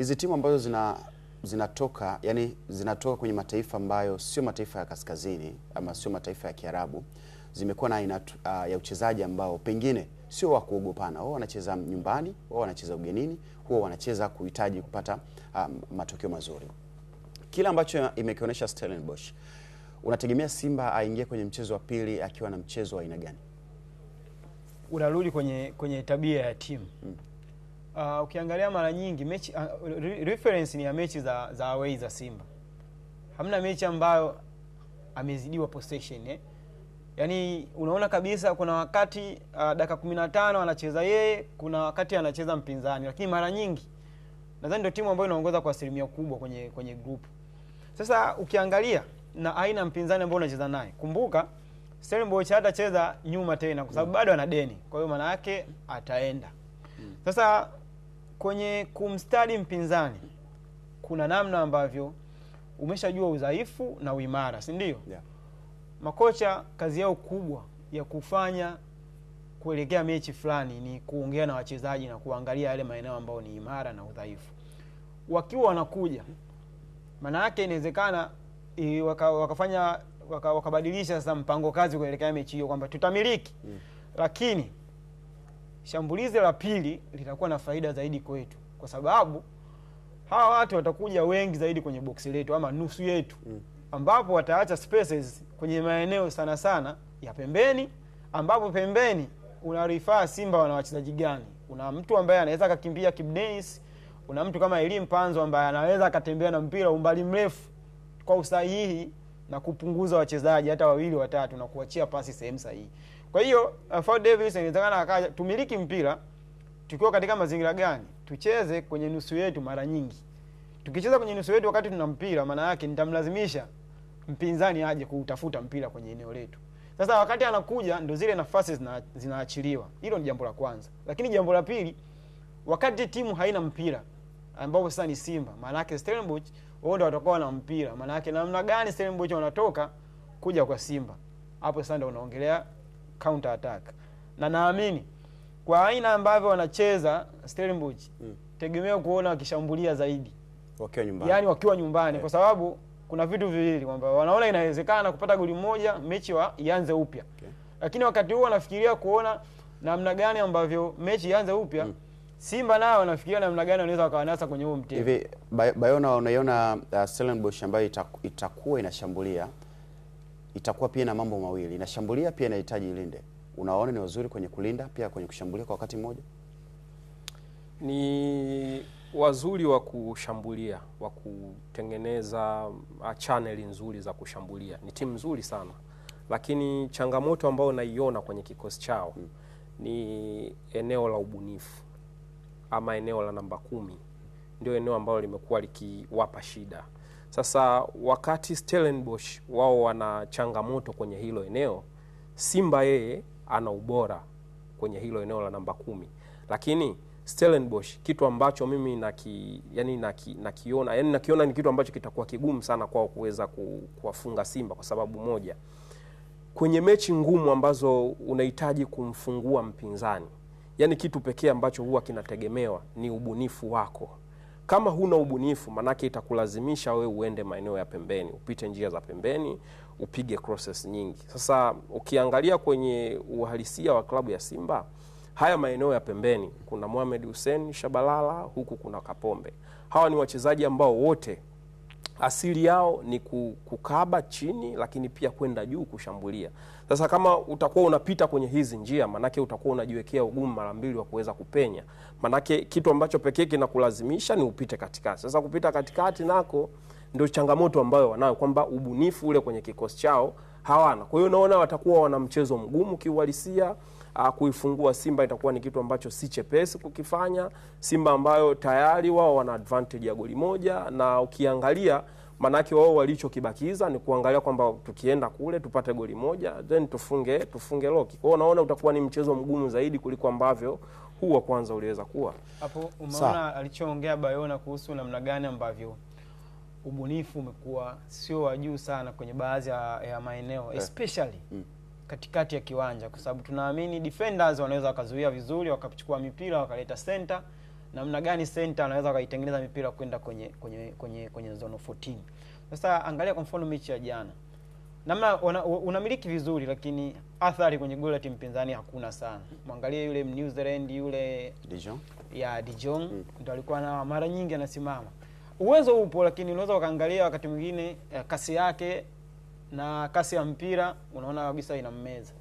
hizi timu ambazo zina zinatoka yani zinatoka kwenye mataifa ambayo sio mataifa ya kaskazini ama sio mataifa ya Kiarabu zimekuwa na aina uh, ya uchezaji ambao pengine sio wa kuogopana. Wao wanacheza nyumbani, wao wanacheza ugenini, huwa wanacheza kuhitaji kupata um, matokeo mazuri. Kile ambacho imekionyesha Stellenbosch, unategemea Simba aingie kwenye mchezo wa pili akiwa na mchezo wa aina gani? Unarudi kwenye, kwenye tabia ya timu hmm uh, ukiangalia mara nyingi mechi uh, reference ni ya mechi za, za away za Simba, hamna mechi ambayo amezidiwa possession eh? Yaani unaona kabisa kuna wakati uh, dakika 15 anacheza yeye, kuna wakati anacheza mpinzani, lakini mara nyingi nadhani ndio timu ambayo inaongoza kwa asilimia kubwa kwenye kwenye group. Sasa ukiangalia na aina mpinzani ambao unacheza naye, kumbuka Stellenbosch hatacheza nyuma tena kwa sababu bado ana deni, kwa hiyo maana yake ataenda hmm. sasa kwenye kumstadi mpinzani kuna namna ambavyo umeshajua udhaifu na uimara, si ndio? Yeah. Makocha kazi yao kubwa ya kufanya kuelekea mechi fulani ni kuongea na wachezaji na kuangalia yale maeneo ambayo ni imara na udhaifu. Wakiwa wanakuja, maana yake inawezekana waka, wakafanya waka, wakabadilisha sasa mpango kazi kuelekea mechi hiyo kwamba tutamiliki mm. lakini shambulizi la pili litakuwa na faida zaidi kwetu, kwa sababu hawa watu watakuja wengi zaidi kwenye boksi letu ama nusu yetu mm. ambapo wataacha spaces kwenye maeneo sana sana ya pembeni, ambapo pembeni unarifaa Simba wana wachezaji gani? Una mtu ambaye anaweza akakimbia Kibu una mtu kama Elie Mpanzo ambaye anaweza akatembea na mpira umbali mrefu kwa usahihi na kupunguza wachezaji hata wawili watatu na kuachia pasi sehemu sahihi. Kwa hiyo uh, Fadlu Davis inawezekana akaja, tumiliki mpira tukiwa katika mazingira gani? Tucheze kwenye nusu yetu mara nyingi. Tukicheza kwenye nusu yetu wakati tuna mpira, maana yake nitamlazimisha mpinzani aje kuutafuta mpira kwenye eneo letu. Sasa wakati anakuja ndo zile nafasi zinaachiliwa zina, Hilo ni jambo la kwanza, lakini jambo la pili, wakati timu haina mpira ambapo sasa ni Simba, maana yake Stellenbosch wao ndio watakuwa na mpira. Maana yake namna gani Stellenbosch wanatoka kuja kwa Simba, hapo sasa ndio unaongelea counter attack, na naamini kwa aina ambavyo wanacheza Stellenbosch mm. tegemea kuona wakishambulia zaidi wakiwa nyumbani, yani wakiwa nyumbani yeah. kwa sababu kuna vitu viwili kwamba wanaona inawezekana kupata goli moja mechi wa ianze upya okay. lakini wakati huo wanafikiria kuona namna gani ambavyo mechi ianze upya mm. Simba nao wanafikiria namna gani wanaweza wakawanasa kwenye huo mtego hivi. Bayona, unaiona uh, Stellenbosch ambayo itakuwa inashambulia itakuwa pia na mambo mawili, inashambulia pia inahitaji ilinde. unaona ni wazuri kwenye kulinda pia kwenye kushambulia kwa wakati mmoja? Ni wazuri wa kushambulia, wa kutengeneza uh, chaneli nzuri za kushambulia, ni timu nzuri sana, lakini changamoto ambayo naiona kwenye kikosi chao hmm, ni eneo la ubunifu ama eneo la namba kumi ndio eneo ambalo limekuwa likiwapa shida. Sasa wakati Stellenbosch wao wana changamoto kwenye hilo eneo, Simba yeye ana ubora kwenye hilo eneo la namba kumi, lakini Stellenbosch kitu ambacho mimi naki, yani naki, nakiona yani nakiona ni kitu ambacho kitakuwa kigumu sana kwao kuweza kuwafunga Simba kwa sababu moja, kwenye mechi ngumu ambazo unahitaji kumfungua mpinzani, yani kitu pekee ambacho huwa kinategemewa ni ubunifu wako kama huna ubunifu, manake itakulazimisha wewe uende maeneo ya pembeni, upite njia za pembeni, upige process nyingi. Sasa ukiangalia kwenye uhalisia wa klabu ya Simba, haya maeneo ya pembeni kuna Mohamed Hussein Shabalala, huku kuna Kapombe. Hawa ni wachezaji ambao wote asili yao ni kukaba chini, lakini pia kwenda juu kushambulia. Sasa kama utakuwa unapita kwenye hizi njia, manake utakuwa unajiwekea ugumu mara mbili wa kuweza kupenya, manake kitu ambacho pekee kinakulazimisha ni upite katikati. Sasa kupita katikati nako ndio changamoto ambayo wanayo, kwamba ubunifu ule kwenye kikosi chao hawana. Kwa hiyo naona watakuwa wana mchezo mgumu kiuhalisia. Ah, kuifungua Simba itakuwa ni kitu ambacho si chepesi kukifanya. Simba ambayo tayari wao wana advantage ya goli moja, na ukiangalia Manake wao walichokibakiza ni kuangalia kwamba tukienda kule tupate goli moja then tufunge tufunge loki. Kwa hiyo unaona utakuwa ni mchezo mgumu zaidi kuliko ambavyo huu wa kwanza uliweza kuwa. Hapo umeona alichoongea Bayona kuhusu namna gani ambavyo ubunifu umekuwa sio wa juu sana kwenye baadhi ya, ya maeneo yeah, especially mm, katikati ya kiwanja, kwa sababu tunaamini defenders wanaweza wakazuia vizuri wakachukua mipira wakaleta center namna gani center anaweza wakaitengeneza mipira kwenda kwenye kwenye kwenye kwenye zone 14. Sasa angalia kwa mfano mechi ya jana, namna unamiliki una vizuri, lakini athari kwenye goal la timu pinzani hakuna sana. Mwangalie yule New Zealand yule Dijon ya Dijon mm. ndo alikuwa na mara nyingi anasimama. Uwezo upo, lakini unaweza ukaangalia wakati mwingine eh, kasi yake na kasi ya mpira unaona kabisa inammeza